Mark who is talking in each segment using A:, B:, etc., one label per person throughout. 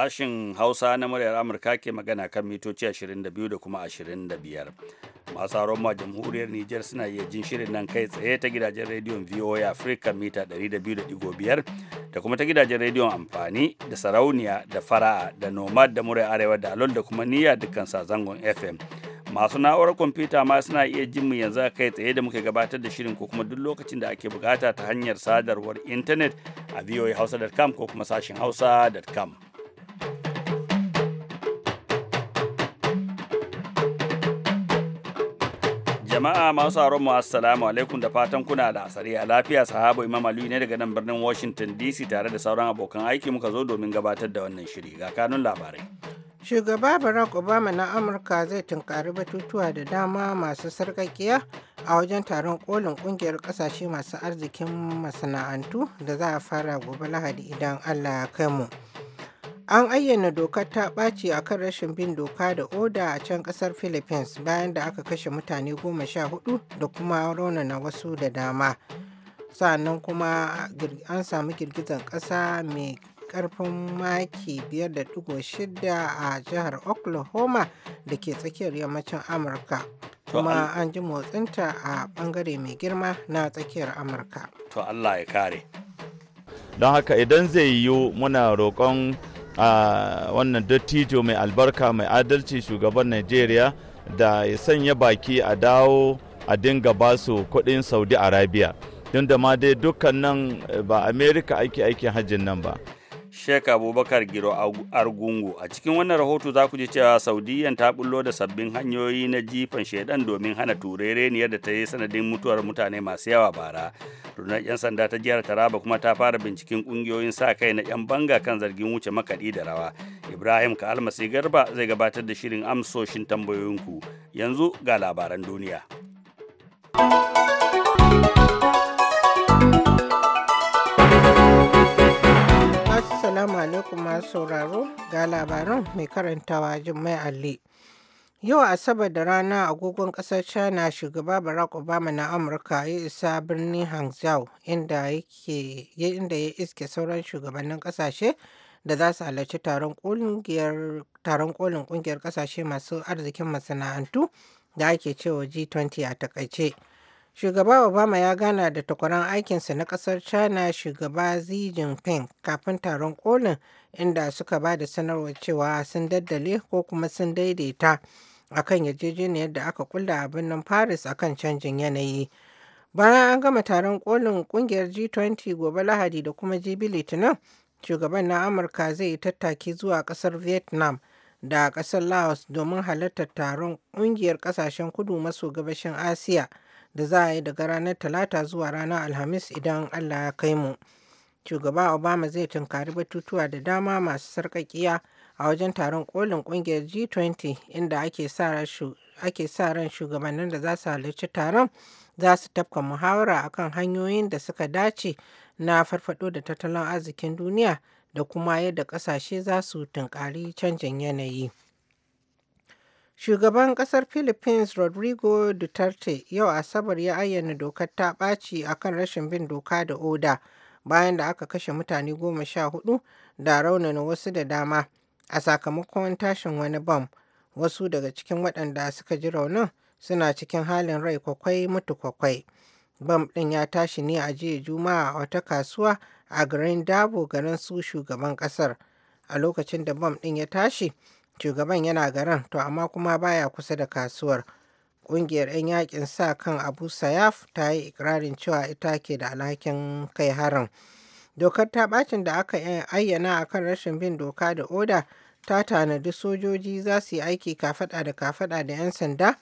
A: sashen Hausa na muryar Amurka ke magana kan mitoci 22 da kuma 25. Masu aron ma jamhuriyar Nijar suna iya jin shirin nan kai tsaye ta gidajen rediyon VOA Africa mita 200.5 da kuma ta gidajen rediyon amfani da sarauniya da fara'a da nomad da muryar arewa da alon da kuma niyya dukkan zangon FM. Masu na'urar kwamfuta ma suna iya jin mu yanzu kai tsaye da muke gabatar da shirin ko kuma duk lokacin da ake bukata ta hanyar sadarwar intanet a voahausa.com ko kuma sashin hausa.com. jama'a masu sauran mu assalamu alaikum da fatan kuna da asari a lafiya sahabo imam aliyu ne daga nan birnin washington dc tare da sauran abokan aiki muka zo domin gabatar da wannan shiri ga kanun labarai
B: shugaba barack obama na amurka zai tunkari batutuwa da dama masu sarkakiya a wajen taron kolin kungiyar kasashe masu arzikin masana'antu da za a fara gobe lahadi idan allah ya kai mu. An ayyana dokar ta ɓaci a kan rashin bin doka da oda a can ƙasar Philippines bayan da aka kashe mutane goma sha hudu da kuma raunana wasu da dama. sannan kuma an samu girgizar ƙasa mai ƙarfin maki biyar shida a jihar Oklahoma da ke tsakiyar yammacin Amurka. kuma an ji motsinta a ɓangare mai girma na tsakiyar amurka
A: to allah ya kare
C: don haka idan zai yiwu muna roƙon A wannan dattijo mai albarka mai adalci shugaban najeriya da ya sanya baki a dawo a dinga basu kuɗin saudi arabia don da ma dai dukkan nan ba amerika ake aikin hajjin nan ba
A: Sheikh Abubakar Giro Argungu. A cikin wannan rahoto za ku ji cewa Saudiyan ta bullo da sabbin hanyoyi na jifan shaidan domin hana turereniyar da ta yi sanadin mutuwar mutane masu yawa bara. Rundunar 'yan sanda ta jihar Taraba kuma ta fara binciken kungiyoyin sa kai na 'yan banga kan zargin wuce makaɗi da rawa. Ibrahim ka almasi garba zai gabatar da shirin amsoshin tambayoyinku. Yanzu ga labaran duniya.
B: Assalamu alaikum masu sauraro ga labaran mai karantawa Jummai Ali. Yau Asabar da rana agogon ƙasar China shugaba Barack Obama na Amurka ya isa birnin Hangzhou inda ya iske sauran shugabannin ƙasashe da za su halarci taron kolin ƙungiyar ƙasashe masu arzikin masana'antu da ake cewa G20 a takaice. Shugaba Obama ya gana da takwaran aikinsa na ƙasar China shugaba Xi Jinping kafin taron kolin inda suka ba da sanarwar cewa sun daddale ko kuma sun daidaita akan yarjejeniyar da aka kulla a birnin Paris akan canjin yanayi. Bayan an gama taron kolin kungiyar G20 gobe Lahadi da kuma jibi Litinin, shugaban na Amurka zai tattaki zuwa ƙasar Vietnam. da ƙasar Laos domin halartar taron ƙungiyar ƙasashen kudu maso gabashin Asiya da za a yi daga ranar Talata zuwa ranar Alhamis idan Allah ya kai mu. Shugaba Obama zai tunkari batutuwa da dama masu sarƙaƙƙiya a wajen taron kolin ƙungiyar G20 inda ake sa ran shugabannin da za su halarci taron za su tafka muhawara akan hanyoyin da suka dace na farfado da tattalin arzikin duniya da kuma yadda ƙasashe za su tunkari canjin yanayi. Shugaban kasar Philippines Rodrigo Duterte yau Asabar ya ayyana dokar ta ɓaci a kan rashin bin doka da oda bayan da aka kashe mutane goma sha hudu da raunana wasu da dama a sakamakon tashin wani bam. Wasu daga cikin waɗanda suka ji raunin suna cikin halin rai kwakwai mutu kwakwai. Bam ɗin ya tashi ne a jiya Juma'a a wata kasuwa a garin Dabo garin su shugaban ƙasar. A lokacin da bam ɗin ya tashi, shugaban yana garin to amma kuma baya kusa da kasuwar ƙungiyar 'yan yakin sa kan abu sayaf ta yi ikirarin cewa ita ke da alhakin kai harin dokar ta bacin da aka ayyana a kan rashin bin doka da oda ta tanadi sojoji za su yi aiki kafada da kafada da 'yan sanda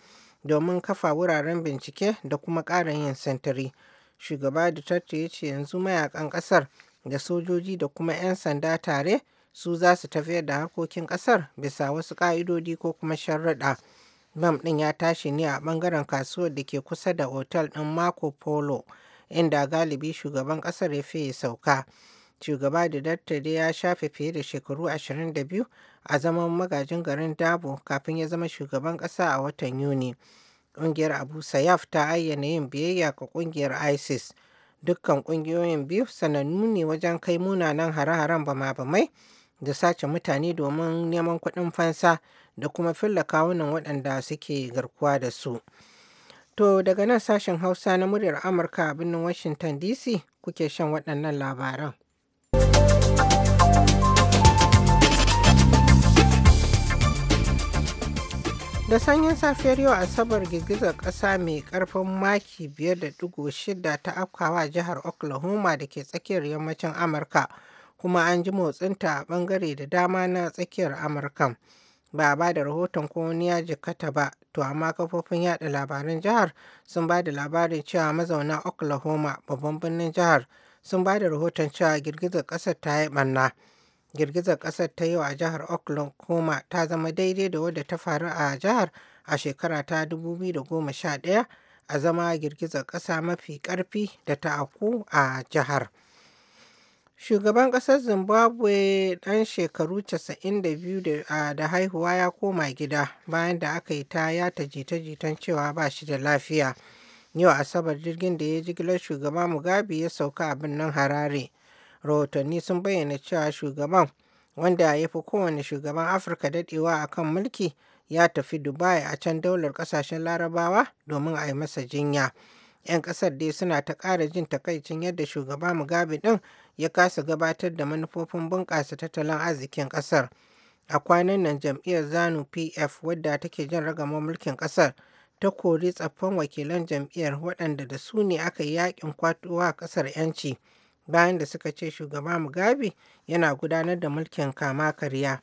B: domin kafa wuraren bincike da kuma ƙara yin sintiri shugaba da ya ce yanzu mayakan ƙasar da sojoji da kuma 'yan sanda tare su za su tafiyar da harkokin kasar bisa wasu ka'idodi ko kuma sharaɗa. bam ɗin ya tashi ne a ɓangaren kasuwar da ke kusa da otal ɗin marco polo inda galibi shugaban ƙasar ya fiye sauka shugaba da dattare ya shafe fiye da shekaru 22 a zaman magajin garin dabo kafin ya zama shugaban ƙasa a watan yuni ƙungiyar abu sayaf ta ayyana yin biyayya ga ƙungiyar isis dukkan ƙungiyoyin biyu sanannu ne wajen kai munanan hare-haren bama-bamai da sace mutane domin neman kuɗin fansa da kuma filla kawunan waɗanda suke garkuwa da su. To daga nan sashen Hausa na muryar Amurka a birnin Washington DC kuke shan waɗannan labaran. Da sanyin safiyar yau Asabar girgizar ƙasa mai ƙarfin maki biyar da 5.6 ta afkawa jihar Oklahoma da ke tsakiyar yammacin Amurka. kuma an ji motsinta a ɓangare da dama na tsakiyar amurkan ba a ba da rahoton ko wani ya jikata ba to amma kafofin yada labaran jihar sun ba da labarin cewa mazauna oklahoma babban birnin jihar sun ba da rahoton cewa girgizar ƙasa ta yi ɓanna girgizar ƙasar ta yau a jihar oklahoma ta zama daidai da wadda ta faru a jihar a shekara ta 2011 a zama girgizar ƙasa mafi ƙarfi da ta aku a jihar. Shugaban ƙasar Zimbabwe ɗan shekaru 92 da haihuwa ya koma gida bayan da aka yi ta yata jita-jitan cewa ba shi da lafiya. Yau Asabar jirgin da ya jigilar shugaban Mugabe ya sauka a birnin Harare. Rahotanni sun bayyana cewa shugaban wanda ya fi kowane shugaban Afirka daɗewa a kan mulki ya tafi Dubai a can daular ƙasashen Larabawa domin a yi masa jinya. 'yan kasar dai suna ta ƙara jin takaicin yadda shugaba mugabe ɗin ya kasa gabatar da manufofin bunƙasa tattalin arzikin ƙasar a kwanan nan jam'iyyar zanu pf wadda take jin ragamar mulkin ƙasar ta kori tsaffan wakilan jam'iyyar waɗanda da su ne aka yi yakin kwatowa ƙasar 'yanci bayan da suka ce shugaba mugabe yana gudanar da mulkin kama karya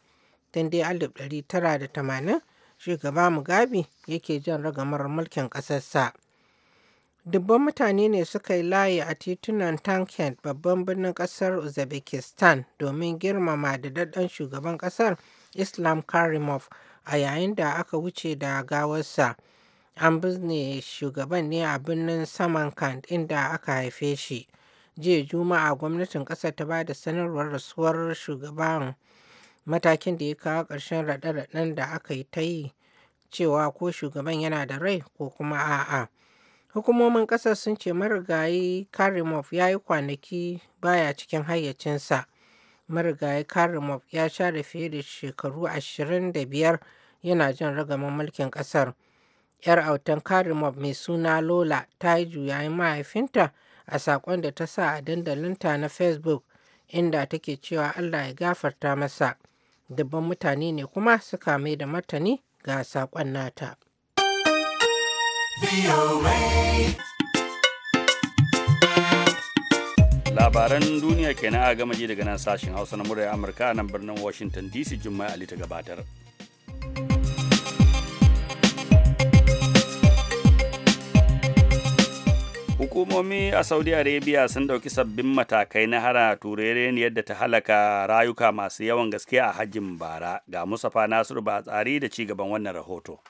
B: tun dai alif ɗari tara da tamanin, shugaba mugabe yake jan ragamar mulkin ƙasarsa. dubban mutane ne suka yi layi a titunan Tankent babban birnin kasar Uzbekistan domin girmama da daɗan shugaban kasar Islam Karimov a yayin da aka wuce da gawarsa. An bizne shugaban ne a birnin Samarkand inda aka haife shi. Jiya Juma'a gwamnatin kasar ta ba da sanarwar rasuwar shugaban matakin da ya kawo ƙarshen raɗe-raɗen da aka yi ta yi cewa ko shugaban yana da rai ko kuma a'a. Hukumomin ƙasar sun ce marigayi Karimov ya yi kwanaki baya cikin hayyacinsa. Marigayi Karimov ya share fiye da shekaru 25 yana jin ragaman mulkin ƙasar. 'Yar autan Karimov mai suna Lola ta yi juyayin mahaifinta a saƙon da ta sa a dandalinta na Facebook inda take cewa Allah ya gafarta masa. Dubban mutane ne kuma suka mai da martani ga saƙon nata.
A: labaran duniya kenan a gama ji daga nan sashen hausa na muryar amurka a nan birnin washington dc jummai ali ta gabatar hukumomi a saudi arabia sun ɗauki sabbin matakai na hana tureren yadda ta halaka rayuka masu yawan gaske a hajjin bara ga musafa nasiru ba tsari da ci gaban wannan rahoto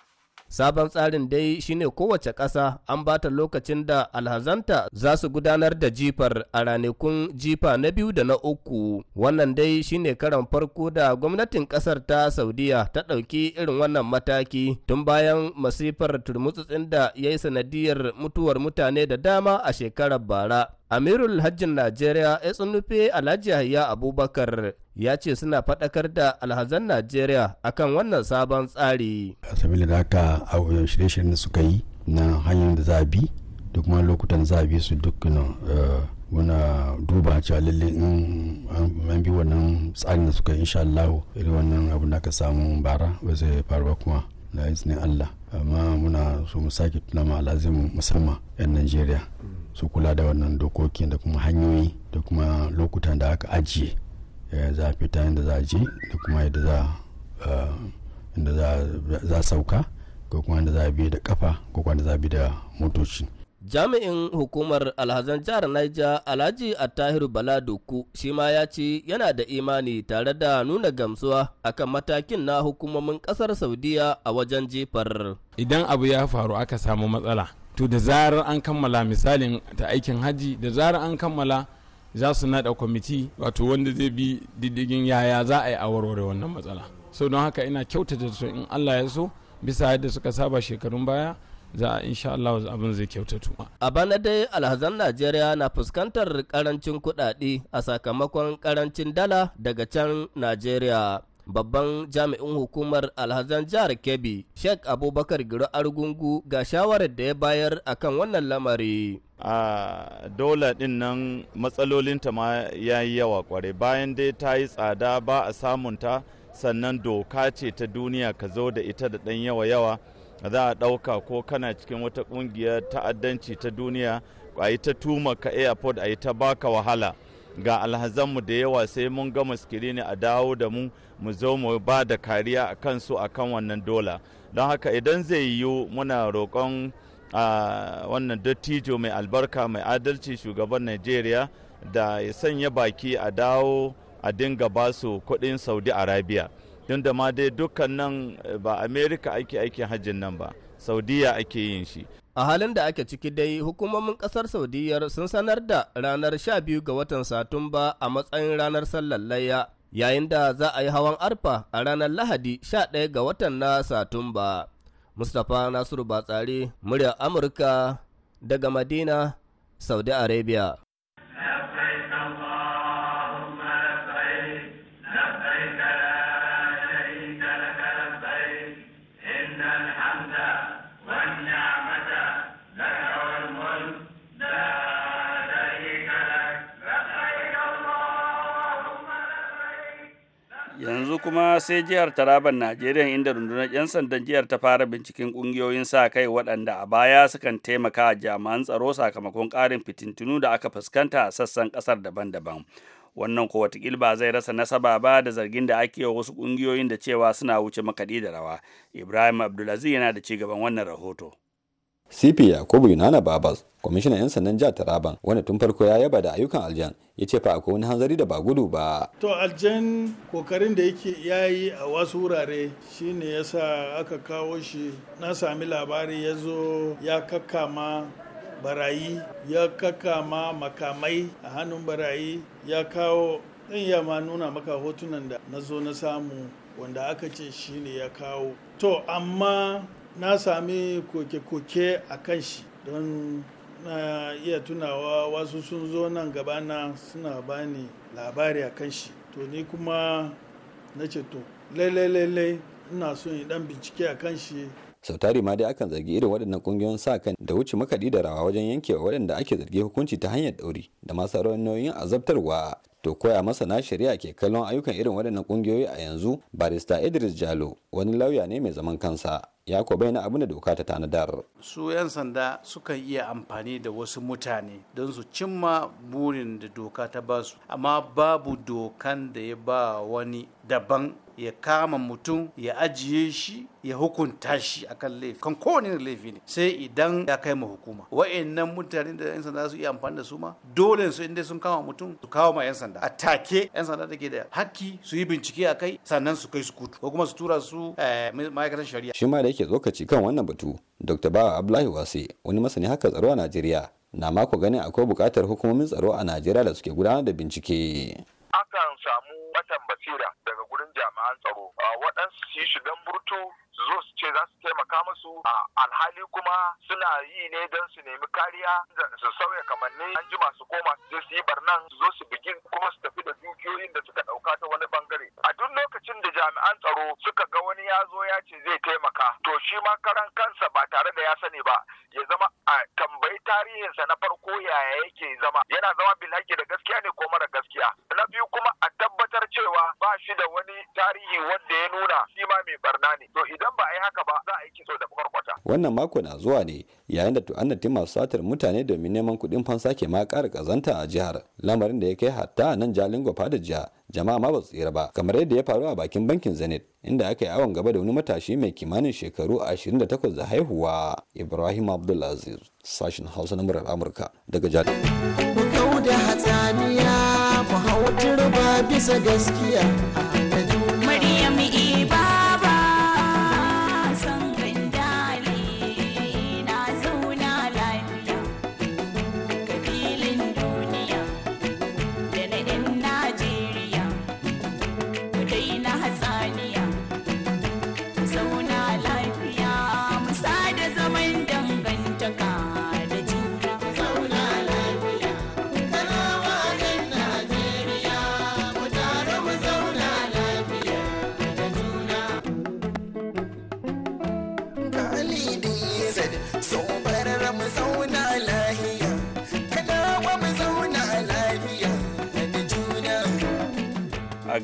D: Sabon tsarin dai shine kowace ƙasa an bata lokacin da alhazanta za su gudanar da jifar a ranakun jifa na biyu da na uku. Wannan dai shine karan farko da gwamnatin ƙasar ta Saudiya ta ɗauki irin wannan mataki tun bayan masifar turmutsutsin da ya yi sanadiyar mutuwar mutane da dama a shekarar bara. Amirul Hajjin Najeriya ya tsunufe Alhaji Yahya Abubakar ya ce suna faɗakar da alhazan najeriya akan wannan sabon tsari
A: sabila da haka shirye-shiryen da suka yi na hanyar da za a bi da kuma lokutan za bi su dukkanin eh, muna duba cewa lalle in an bi wannan tsari da suka yi insha Allah irin wannan abu da ka samu bara ba zai faru kuma na izinin Allah amma muna so mu sake tuna ma alazimu musamman 'yan Najeriya su kula da wannan dokokin da kuma hanyoyi da kuma lokutan da aka ajiye Eh, za a fita inda za a je da kuma yadda za eh, inda sauka ko kuma inda za a bi da kafa ko kuma inda za a bi da motoci
D: jami'in hukumar alhazan jihar Niger alhaji attahiru bala doku shi ma ya ce yana da imani tare da nuna gamsuwa akan matakin na hukumomin kasar saudiya a wajen jefar
E: idan abu ya faru aka samu matsala to da zarar an kammala misalin ta aikin hajji, da zarar an kammala za su naɗa kwamiti wato wanda zai bi diddigin yaya za a yi a wannan matsala so don haka ina kyautata su in allah ya so bisa yadda suka saba shekarun baya za a insha Allah abin zai kyautatu.
D: A bana dai alhazan Najeriya na fuskantar karancin kudade a sakamakon karancin dala daga can Najeriya. Babban jami'in hukumar alhazan jihar Kebbi, Sheikh Abubakar Giro Argungu ga shawarar da ya bayar akan wannan
C: lamari. a dola din nan matsalolinta ma ya yi yawa kwarai bayan dai ta yi tsada ba a samunta sannan doka ce ta duniya ka zo da ita da dan yawa-yawa za a ɗauka ko kana cikin wata ƙungiyar ta'addanci ta duniya a yi ta tuma ka airport a yi ta baka wahala ga alhazanmu da yawa sai mun gama ne a dawo da mu mu zo mu ba da kariya a kansu a kan wannan dola don haka idan zai yiwu muna roƙon a wannan dattijo mai albarka mai adalci shugaban najeriya da ya sanya baki a dawo a dinga basu kudin saudi arabia don da ma dai dukkan nan eh, ba amerika ake aikin hajjin nan ba saudiya ake yin shi a halin da ake ciki dai
D: hukumomin kasar saudiyar sun sanar da ranar 12 ga watan satumba a matsayin ranar sallar layya yayin da za a yi hawan arfa a ranar lahadi 11 ga watan na satumba Mustapha Nasiru Batsari, murya Amurka daga Madina, Saudi Arabia.
A: yanzu kuma sai jihar Taraban Najeriya inda rundunar 'yan sandan jihar ta fara binciken ƙungiyoyin sa kai waɗanda a baya sukan taimaka a jami'an tsaro sakamakon ƙarin fitintunu da aka fuskanta a sassan ƙasar daban-daban. Wannan ko watakil ba zai rasa nasaba ba da zargin da ake wa wasu ƙungiyoyin da cewa suna wuce makaɗi da rawa. Ibrahim Abdulaziz yana da ci gaban wannan rahoto.
F: CP Yakubu Yunana Babas, kwamishinan 'yan sandan jihar Taraban, wanda tun farko ya yaba da ayyukan aljan, ya ce fa akwai wani hanzari da ba gudu ba.
E: To aljan kokarin da yake ya yi a wasu wurare shine yasa aka kawo shi na sami labari ya zo ya kakkama barayi ya kakkama makamai a hannun barayi ya kawo ɗan iya ma nuna maka hotunan da na zo na samu wanda aka ce shine ya kawo to amma na sami koke-koke a kan shi don na iya tunawa wasu sun zo nan gabana suna bani labari a kan shi to ni kuma na ce to lailai ina so yi dan bincike a kan shi
F: sau tari ma dai akan zargi irin waɗannan ƙungiyoyin sa kan da wuce makaɗi da rawa wajen yankewa waɗanda ake zargi hukunci ta hanyar ɗauri da masu nauyin azabtarwa to koya masana shari'a ke kallon ayyukan irin waɗannan ƙungiyoyi a yanzu barista idris jalo wani lauya ne mai zaman kansa ya ko bayyana abin da doka ta tanadar
E: su 'yan sanda suka iya amfani da wasu mutane don su cimma burin da doka ta ba su amma babu dokan da ya ba wani daban ya kama mutum ya ajiye shi ya hukunta shi akan laifi kan kowane laifi ne sai idan ya kai ma hukuma wa'annan mutane da yan sanda su iya amfani da su ma dole su inda sun kama mutum su kawo ma yan sanda a take yan sanda ke da haƙƙi su yi bincike a kai sannan su kai su kutu ko kuma su tura su eh, ma'aikatan
F: shari'a shi yake tsokaci kan wannan batu dr bawa abdullahi wase wani masani haka tsaro a najeriya na mako ganin akwai bukatar hukumomin tsaro a najeriya da suke gudanar da bincike akan samu watan basira daga gurin
G: jami'an tsaro ah, waɗansu su yi shigan burtu su zo su ce za su taimaka musu a ah, alhali kuma suna yi ne don su nemi kariya su sauya kamanni an jima su koma su je su yi barnan su zo su bugin kuma su tafi da dukiyoyin da suka ɗauka ta wani bangare a duk lokacin da jami'an tsaro suka ga wani ya zo ya ce zai taimaka to shi ma karan kansa ba tare da ya sani ba ya zama a tambayi tarihinsa na farko yaya yake zama yana zama bilaki da gaskiya ne ko mara gaskiya na biyu kuma a tabbatar ba shi
E: da wani tarihi wanda ya nuna shi ma mai barna ne to idan ba
F: a yi haka ba za a yi kitso da kwarkwata wannan mako na zuwa ne yayin da tu'annati masu satar mutane domin neman kuɗin fansa ke ma ƙara ƙazanta a jihar lamarin da ya kai hatta nan jalin gwafa da jiha jama'a ma ba su tsira ba kamar yadda ya faru a bakin bankin zenit inda aka yi awon gaba da wani matashi mai kimanin shekaru 28 da haihuwa ibrahim abdulaziz sashen hausa na murar amurka daga jihar
G: hau turba
D: bisa gaskiya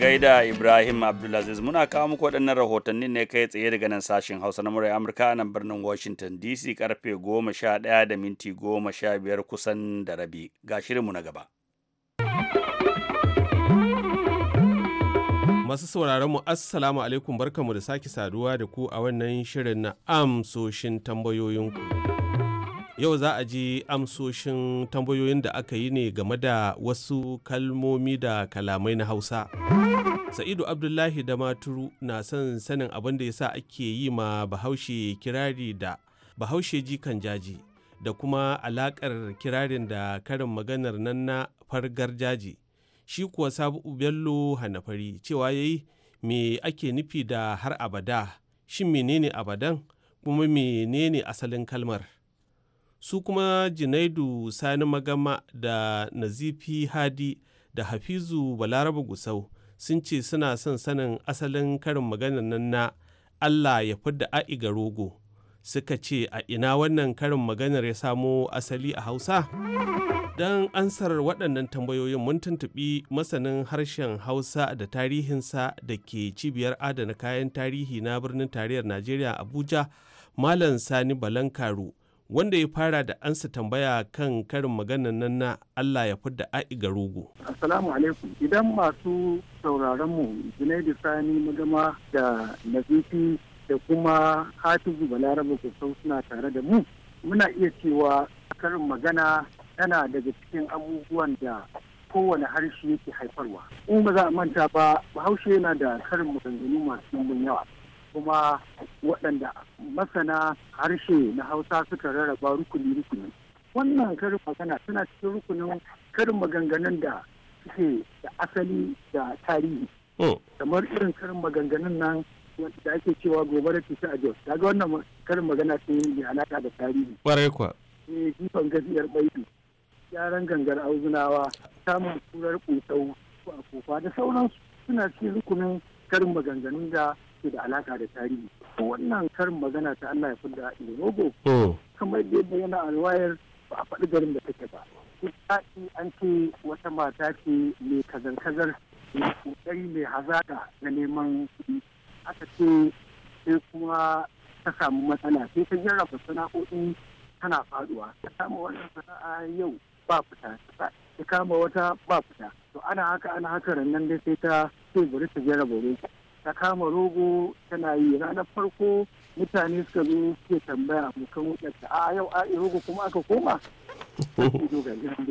A: gaida Ibrahim Abdulaziz muna kawo muku waɗannan rahotanni ne kai tsaye daga nan sashen Hausa na murai Amurka a nan birnin Washington DC karfe 11 da minti 15
E: kusan da rabi ga shirinmu na gaba. Masu sauraron mu Assalamu alaikum barkamu da sake saduwa da ku a wannan shirin na amsoshin tambayoyinku. Yau za a ji amsoshin tambayoyin da aka yi ne game da wasu kalmomi da kalamai na Hausa. Sa'idu Abdullahi da Maturu na son sanin abin da ya sa ake yi ma Bahaushe kirari da Bahaushe jikan jaji da kuma alaƙar kirarin da karin maganar nan na fargar jaji. Shi kuwa Sabu Bello Hannafari. cewa ya yi, me ake nufi da har abada, shin menene abadan kuma menene asalin kalmar? su kuma Junaidu Sani Magama da Nazifi Hadi da Hafizu balaraba Gusau sun ce suna son sanin asalin karin maganar nan na Allah ya fidda a'i ga rogo. Suka ce a ina wannan karin maganar ya samo asali a Hausa? Don ansar waɗannan tambayoyin mun tuntuɓi masanin harshen Hausa da tarihinsa da ke cibiyar adana kayan tarihi na birnin tarayyar Najeriya Abuja, Malam Sani Balankaru. wanda ya fara da ansa tambaya kan karin maganan nan na Allah ya fidda a'i ga rogo.
G: Assalamu alaikum idan masu sauraron mu Junaidu Sani Magama da Nazifi da kuma Hatibu ko sau suna tare da mu muna iya cewa karin magana tana daga cikin abubuwan da kowane harshe yake haifarwa. In ba za a manta ba Bahaushe yana da karin maganganu masu yawa. kuma waɗanda masana harshe na hausa suka rarraba rukuni-rukuni wannan karin magana suna cikin rukunin karin maganganun da suke da asali da tarihi oh. kamar irin karin maganganun nan da ake cewa gobe da cuta a jos daga wannan karin magana ce mai alaƙa da tarihi ƙwarai kuwa ne eh, jifan gaziyar baidu yaran gangar auzunawa samun turar ƙusau a kofa da sauransu suna cikin rukunin karin maganganun da suke da alaka da tarihi wannan karin magana ta Allah ya fidda Inogo kamar da yadda yana alwayar ba a faɗi garin da take ba misali an ce wata mata ce mai kazar-kazar mai kokari mai hazaka na neman aka ce sai kuma ta samu matsala sai ta jarraba sana'o'i tana faɗuwa. ta kama wannan sana'a yau ba fita ta kama wata ba fita to ana haka ana haka rannan dai sai ta sai bari ta jarraba roƙo ta kama rogo tana yi ranar farko mutane suka zo suke tambaya abokan ta a yau a rogo kuma aka koma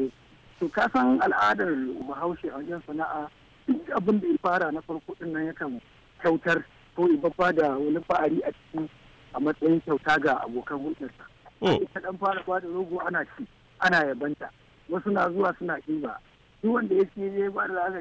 G: to ka san al'adar bahaushe a wajen sana'a duk abin da ya fara na farko din nan yakan kyautar ko babba da wani fa'ari a ciki a matsayin kyauta ga abokan ta hmm. Ita dan fara ba rogo ana ci ana yabanta wasu na zuwa suna ɗiba duk wanda ya ce zai ba da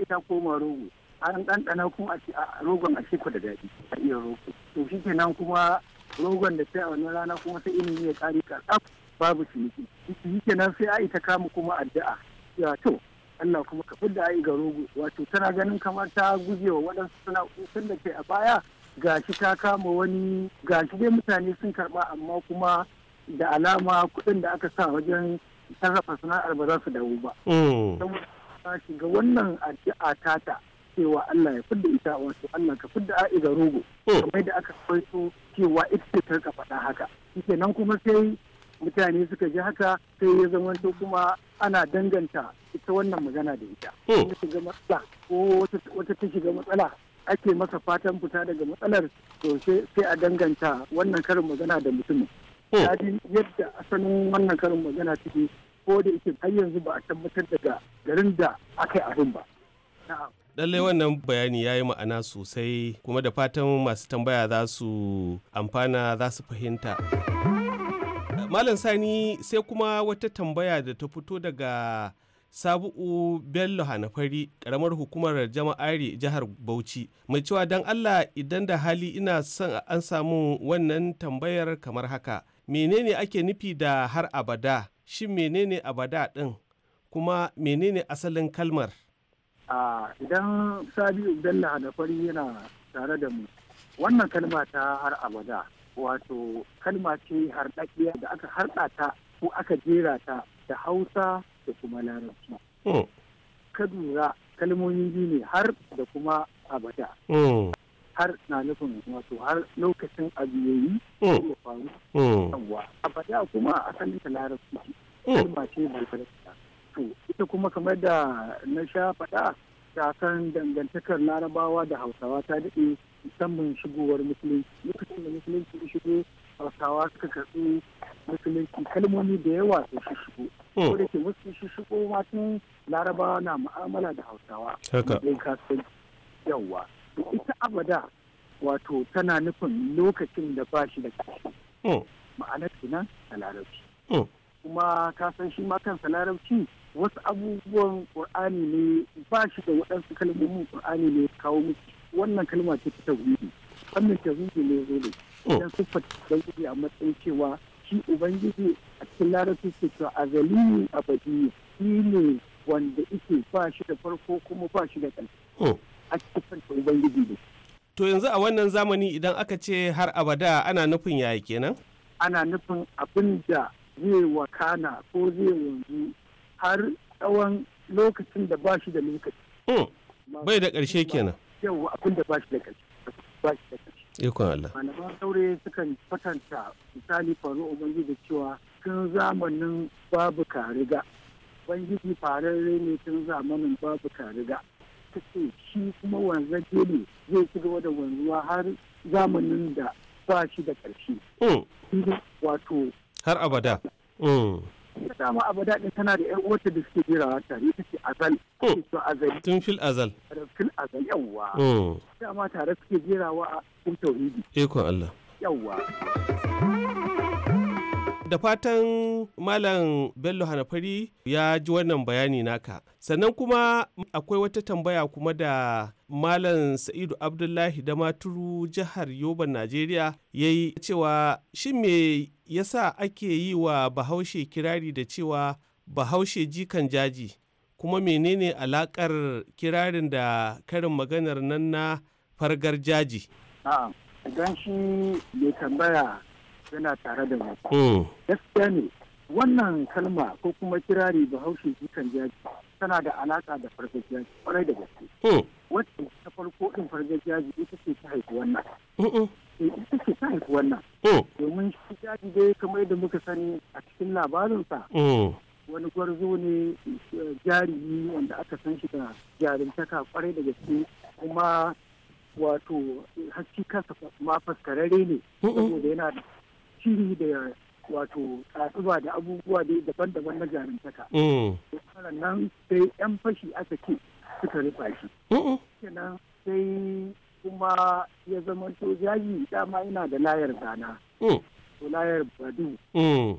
G: ita koma rogo. an ɗanɗana kuma a rogon a da daɗi a iya roƙo to shi kenan kuma rogon da sai a wani rana kuma sai ilimi ya ƙari karɗaf babu ciniki shi kenan sai a ita kama kuma addu'a ya to Allah kuma ka a ai ga rogo wato tana ganin kamar ta gujewa waɗansu suna sana'o'in da ke a baya gashi ta kama wani gashi dai mutane sun karɓa amma kuma da alama kuɗin da aka sa wajen sarrafa sana'ar ba za su dawo ba. Mm. Saboda shiga wannan addu'a tata cewa Allah ya fidda ita wato Allah ka fidda A'iza rogo hmm. kamar da aka su cewa ita ce ta faɗa haka shike nan kuma sai mutane suka ji haka sai ya zama to kuma ana danganta ita wannan magana da ita ko hmm. shiga matsala ko wata ta shiga matsala ake masa fatan fita daga matsalar to sai a danganta wannan karin magana da mutumin hmm. yadin yadda asalin wannan karin magana take ko da ita har yanzu ba a tabbatar daga garin da aka yi abin ba.
C: Na'am.
E: lallai wannan bayani ya yi ma'ana sosai kuma da fatan masu tambaya za su amfana za su fahimta malam sani sai kuma wata tambaya da ta fito daga sabu'u bello hanafari karamar hukumar jama'ari jihar bauchi mai cewa don allah idan da hali ina son an samu wannan tambayar kamar haka menene ake nufi da har abada shin menene abada ɗin kuma menene asalin kalmar
G: idan sabiu bello fari yana tare da mu wannan kalma ta har abada wato kalma ce harɗaɗɗiya da aka harɗa ta ko aka jera ta da hausa da kuma larabci hmm. ka lura kalmomi biyu ne har da kuma abada hmm. har na nufin wato har lokacin abiyoyi ko hmm.
E: faru
G: abada kuma asalin ta larabci kalma ce ba to ita kuma kamar da na sha faɗa kakan dangantakar larabawa da hausawa ta daɗe musamman shigowar musulunci lokacin da musulunci ya shigo hausawa suka karɓi musulunci kalmomi da yawa su shi shigo hmm. ko da ke musu shi shigo ma tun larabawa na mu'amala da hausawa ɗin kasuwanci yawa ita abada wato tana nufin lokacin da ba shi da kashi hmm. ma'anar kenan a larabci hmm. kuma ka san shi ma kansa larabci wasu abubuwan ƙur'ani ne ba shi da waɗansu kalmomin ƙur'ani ne kawo musu wannan kalma ce ta tauhidi wannan tauhidi ne zo ne idan oh. siffar ubangiji a matsayin cewa shi ubangiji a cikin larabci ce cewa azali abadi shi ne wanda ike ba shi da farko kuma ba shi da
F: ƙarshe oh. a cikin
E: ubangiji ne to yanzu a wannan zamani idan aka ce har abada ana nufin yaya kenan ana nufin abin da zai wakana
G: ko zai wanzu har tsawon lokacin da ba shi da lokaci. Oh, bai da ƙarshe kenan. Yau abin da ba shi da ƙarshe. Ikon Allah. Malaman saure sukan kwatanta misali faru Ubangiji cewa tun zamanin babu kariga. Ubangiji fararre ne tun zamanin babu kariga. Ta shi kuma wanzan ne zai shiga gaba da wanzuwa har zamanin da ba shi da ƙarshe. Hmm. Wato.
E: Har abada. Hmm.
G: ta dama abu daɗin tana da yan uwarta da suke jerawa tare ta ce azal oh. to azal tun fil azal fil azal yawwa oh. tare suke jerawa a cikin tauhidi
E: ikon Allah da fatan Malam Bello Hanafari ya ji wannan bayani naka. Sannan kuma akwai wata tambaya kuma da Malam Sa'idu Abdullahi da maturu jihar Yoban Najeriya ya yi cewa shi me ya sa ake yi wa Bahaushe kirari da cewa Bahaushe jikan jaji kuma menene alakar kirarin da karin maganar nan na fargar jaji.
G: A'a, idan shi mai tambaya yana tare da mu mm. gaskiya ne wannan kalma ko kuma kirari bahaushe dukan jaji tana da alaka da fargajiya kwarai da gaske mm. wacce ta farko din fargajiya ita ce ta haifi wannan eh, ita ce ta haifi wannan mm. domin shi jaji dai kamar yadda muka sani a cikin labarinsa wani gwarzo ne eh, jarumi wanda aka san shi da jarumtaka kwarai da gaske kuma wato eh, haski kansa ma faskararre ne saboda yana tasiri da wato tsatsuwa da abubuwa da daban-daban na jarumtaka. Mm. nan sai 'yan fashi aka ce suka rufa shi. Kenan sai kuma ya zama to jaji dama yana da layar zana. Mm. To layar badu. Mm.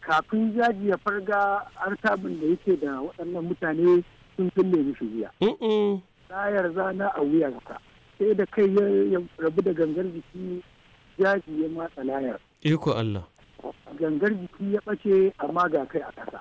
G: Kafin jaji ya farga artabin da yake da waɗannan mutane sun fille mishi wuya. Layar zana a wuyarsa. Sai da kai ya rabu da gangar jiki jaji ya matsa layar.
E: iko Allah
G: gangar jiki ya ɓace amma ga kai a ƙasa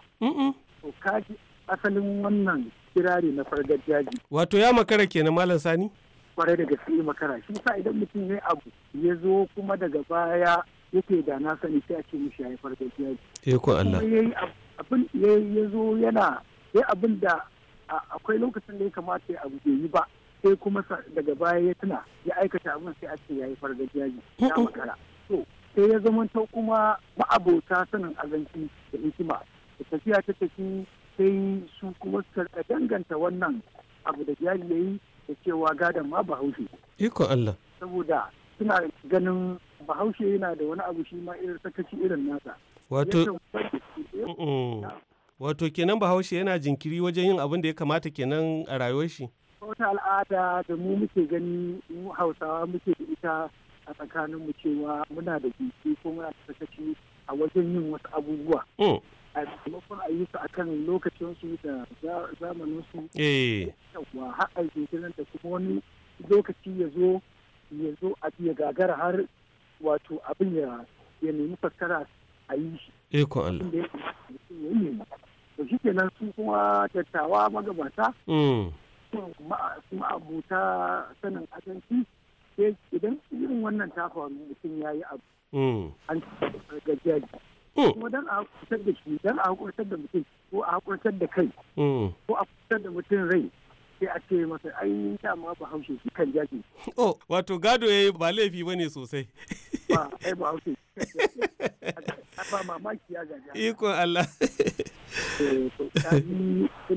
G: to kaji asalin wannan kirari na fargar jaji
E: wato ya makara kenan malam sani
G: kwarai da gaske makara shi sa idan mutum ya abu ya zo kuma daga baya yake da na sani sai a ce mishi ya yi fargar jaji iko Allah abin ya zo yana ya abin da akwai lokacin da ya kamata ya abu bai yi ba sai kuma daga baya ya tuna ya aikata abin sai a ce ya yi fargar jaji. ya makara to sai ya zama ta kuma ma'abota sanin azanci da hikima da tafiya ta tafi sai su kuma suka danganta wannan abu da jari ya yi da cewa gadon ma bahaushe. Iko Allah. Saboda suna ganin bahaushe yana da wani abu shi ma irin sakaci irin nasa.
E: Wato. Wato kenan bahaushe yana jinkiri wajen yin abin da ya kamata kenan a rayuwar shi.
G: Wata al'ada da mu muke gani mu hausawa muke da ita a tsakanin mu cewa muna da jiki ko muna da sakaci a wajen yin wasu abubuwa. Oh. A maimakon a yi su a kan lokacinsu da zamaninsu. Eh. Yawwa har a jinkirin da kuma wani lokaci ya zo ya zo a ya gagara har wato abin ya ya nemi fassara a yi shi. Eko Allah. Da shi kenan su kuma tattawa magabata. Kuma mm. abuta sanin adanci. sai idan irin wannan ta faru mutum ya yi abu hmm. an gajiya hmm. kuma dan a hakurtar da shi dan a hakurtar da mutum ko a hakurtar da kai hmm. ko a hakurtar da mutum rai sai a ce masa ai dama ba haushe shi kan jaji
E: oh wato gado yayi ba laifi bane sosai ba ai ba haushe
G: ba mamaki ya gaja
E: Iko Allah
G: eh to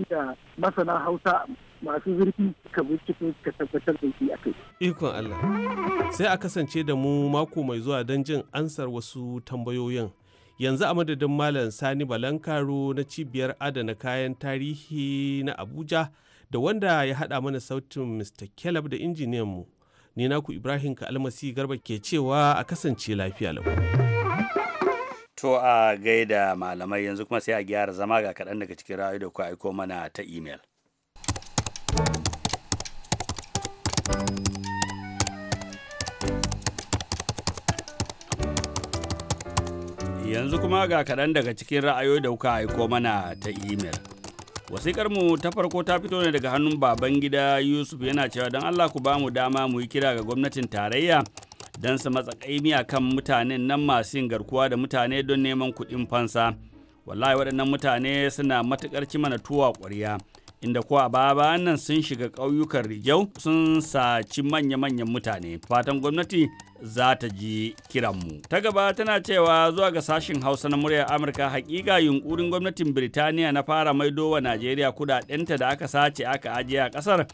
G: masana Hausa masu zurfi ka binciko ka tabbatar da shi akai.
E: Ikon Allah. Sai a kasance da mu mako mai zuwa don jin ansar wasu tambayoyin. Yanzu a madadin Malam Sani Balankaro na cibiyar adana kayan tarihi na Abuja da wanda ya haɗa mana sautin Mr. Caleb da injiniyanmu. Ni naku Ibrahim Kalmasi Garba ke cewa a kasance lafiya lau. To a gaida malamai yanzu kuma sai a
A: gyara zama ga kaɗan daga cikin ra'ayi da ku aiko mana ta imel. Yanzu kuma ga kaɗan daga cikin ra'ayoyi da kuka aiko mana ta imel. Wasikarmu ta farko ta fito ne daga hannun baban gida Yusuf yana cewa don Allah ku ba mu dama mu yi kira ga gwamnatin tarayya don su matsakaimi a kan mutanen nan masu yin garkuwa da mutane don neman kuɗin fansa. Wallahi waɗannan mutane suna matuƙar ci mana tuwa ƙwarya. inda kuwa baya nan sun shiga ƙauyukan Rijau sun saci manya-manyan mutane. Fatan gwamnati za ta ji kiranmu. Ta gaba tana cewa zuwa ga sashen Hausa na muryar Amurka hakika yunkurin gwamnatin Birtaniya na fara maido wa Najeriya kudadenta da aka sace aka ajiye a ƙasar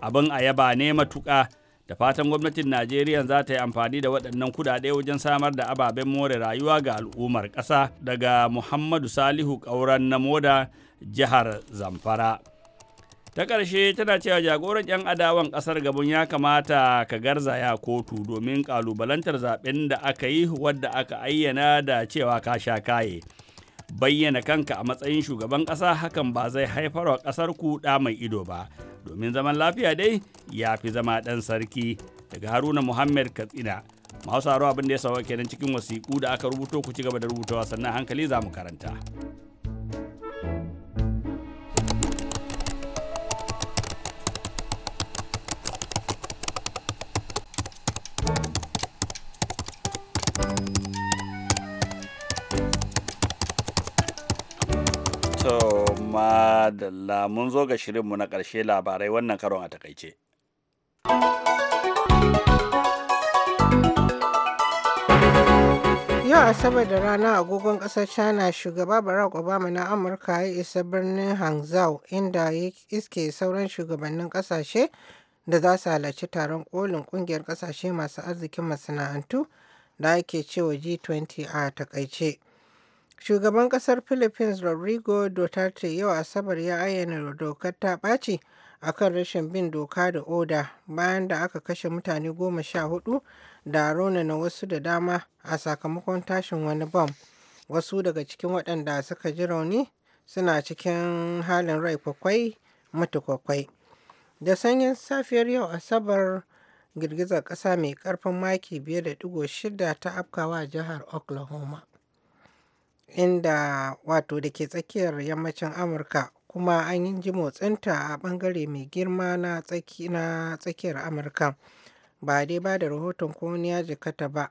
A: abin a yaba ne matuƙa. Da fatan gwamnatin Najeriya za ta yi amfani da waɗannan kudade wajen samar da ababen more rayuwa ga al'ummar ƙasa daga Muhammadu Salihu Ƙauran na Moda jihar Zamfara. ta ƙarshe tana cewa jagoran 'yan adawan ƙasar gabon ya kamata ka garzaya kotu domin ƙalubalantar zaɓen da aka yi wadda aka ayyana da cewa ka sha kaye bayyana kanka a matsayin shugaban ƙasa hakan ba zai haifarwa wa ƙasar ku ɗa mai ido ba domin zaman lafiya dai ya fi zama ɗan sarki daga haruna muhammad katsina masu abin da ya sauwa kenan cikin wasiƙu da aka rubuto ku ci gaba da rubutawa sannan hankali za mu karanta. Adalla mun zo ga shirinmu na ƙarshe labarai wannan karon a takaice.
B: yau asabar da rana agogon ƙasar china shugaba barack obama na amurka ya isa birnin hangzhou inda ya iske sauran shugabannin ƙasashe da za su halarci taron kolin ƙungiyar ƙasashe masu arzikin masana'antu da ake cewa g20 a takaice Shugaban kasar Philippines Rodrigo Duterte yau Asabar ya ayyana dokar ta ɓaci a kan rashin bin doka da oda bayan da aka kashe mutane goma sha hudu da na wasu da dama a sakamakon tashin wani bom Wasu daga cikin waɗanda suka ji rauni suna cikin halin rai kwakwai kwakwai. Da sanyin safiyar yau Asabar girgizar ƙasa mai ƙarfin maki 5.6 ta afkawa jihar Oklahoma. inda wato da ke tsakiyar yammacin amurka kuma an yi ji motsinta a bangare mai girma na tsakiyar amurka ba dai ba da rahoton ko wani ya jikata ba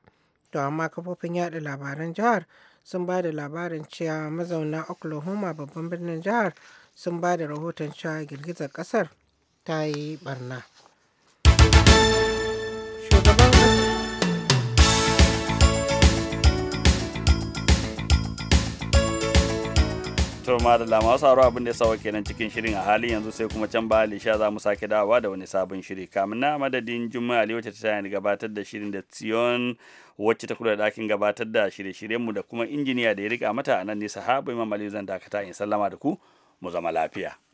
B: to amma kafofin yada labaran jihar sun ba da labarin cewa mazauna oklahoma babban birnin jihar sun ba da rahoton cewa girgizar kasar ta yi barna
A: to madalla masu sauraro abin da ya sawa kenan cikin shirin a halin yanzu sai kuma can ba lisha za mu sake dawowa da wani sabon shiri kamin na madadin juma'a ali wacce ta tayar gabatar da shirin da tsion wacce ta kula da ɗakin gabatar da shirye-shiryenmu da kuma injiniya da ya rika mata a nan ne sahabu imam aliyu zan dakata in sallama da ku mu zama lafiya